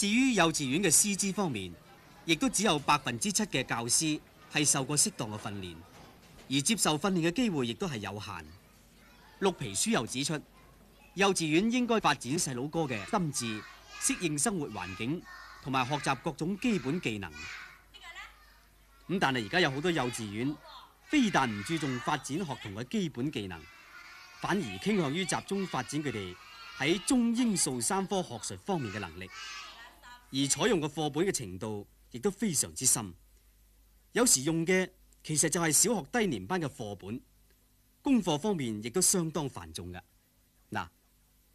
至於幼稚園嘅師資方面，亦都只有百分之七嘅教師係受過適當嘅訓練，而接受訓練嘅機會亦都係有限。綠皮書又指出，幼稚園應該發展細佬哥嘅心智、適應生活環境同埋學習各種基本技能。咁但係而家有好多幼稚園，非但唔注重發展學童嘅基本技能，反而傾向於集中發展佢哋喺中英數三科學術方面嘅能力。而採用嘅課本嘅程度亦都非常之深，有時用嘅其實就係小學低年班嘅課本。功課方面亦都相當繁重㗎。嗱，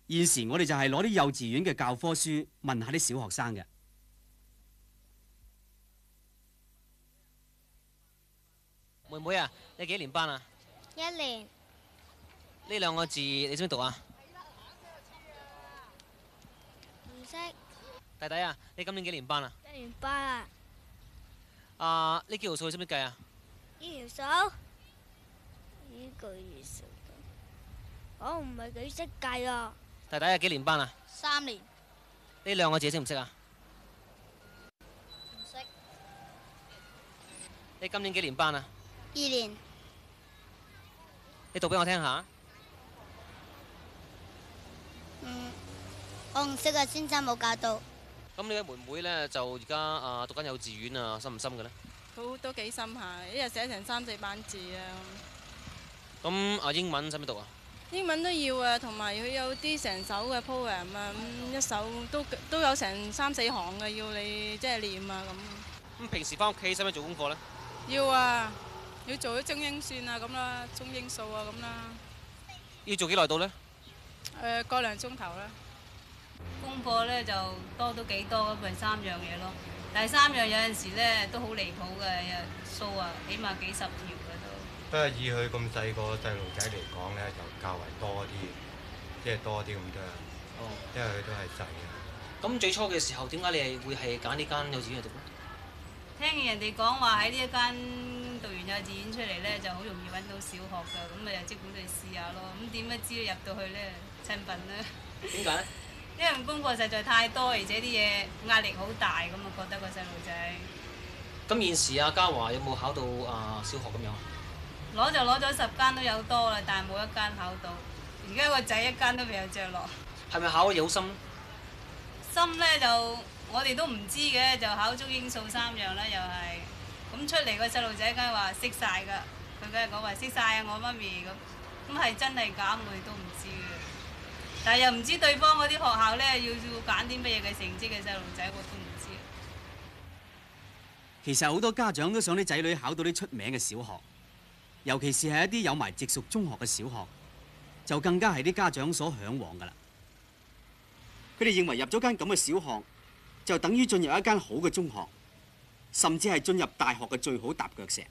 現時我哋就係攞啲幼稚園嘅教科書問下啲小學生嘅。妹妹啊，你幾年班啊？一年。呢兩個字你識唔識讀啊？唔識。弟弟啊，你今年幾年班啊？一年班啊。啊，呢幾條數識唔識計啊？幾條數？呢個月數。我唔係幾識計啊。弟弟啊，幾年班啊？三年。呢兩個字識唔識啊？唔識。你今年幾年班啊？二年。你讀俾我聽下。嗯，我唔識啊，先生冇教到。咁你位妹妹咧，就而家啊讀緊幼稚園啊，深唔深嘅咧？好都幾深下，一日寫成三四版字啊！咁啊，英文使唔使讀啊？英文都要啊，同埋佢有啲成首嘅 poem 啊，一首都都有成三四行嘅，要你即係念啊咁。咁平時翻屋企使唔使做功課咧？要啊，要做啲中英算啊，咁啦，中英數啊，咁啦。要做幾耐到咧？誒，個兩鐘頭啦。功課咧就多都幾多，佢咪三樣嘢咯。第三樣有陣時咧都好離譜嘅，有數啊，起碼幾十條嘅都。不過以佢咁細個細路仔嚟講咧，就較為多啲，即係多啲咁多。哦。因為佢都係細嘅。咁最初嘅時候，點解你係會係揀呢間幼稚園去讀咧？聽人哋講話喺呢一間讀完幼稚園出嚟咧，就好容易揾到小學㗎，咁咪又即管去試下咯。咁點解知要入到去咧，親品啦。點解？因為功課實在太多，而且啲嘢壓力好大，咁我覺得個細路仔。咁現時阿嘉華有冇考到啊、呃、小學咁樣？攞就攞咗十間都有多啦，但係冇一間考到。而家個仔一間都未有着落。係咪考得有心？心咧就我哋都唔知嘅，就考中英數三樣啦，又係。咁出嚟個細路仔梗係話識晒㗎，佢梗係講話識晒啊！我媽咪咁，咁係真係假，我哋都唔知嘅。但又唔知對方嗰啲學校呢，要要揀啲乜嘢嘅成績嘅細路仔，我都唔知。其實好多家長都想啲仔女考到啲出名嘅小學，尤其是係一啲有埋直屬中學嘅小學，就更加係啲家長所嚮往㗎啦。佢哋認為入咗間咁嘅小學，就等於進入一間好嘅中學，甚至係進入大學嘅最好踏腳石。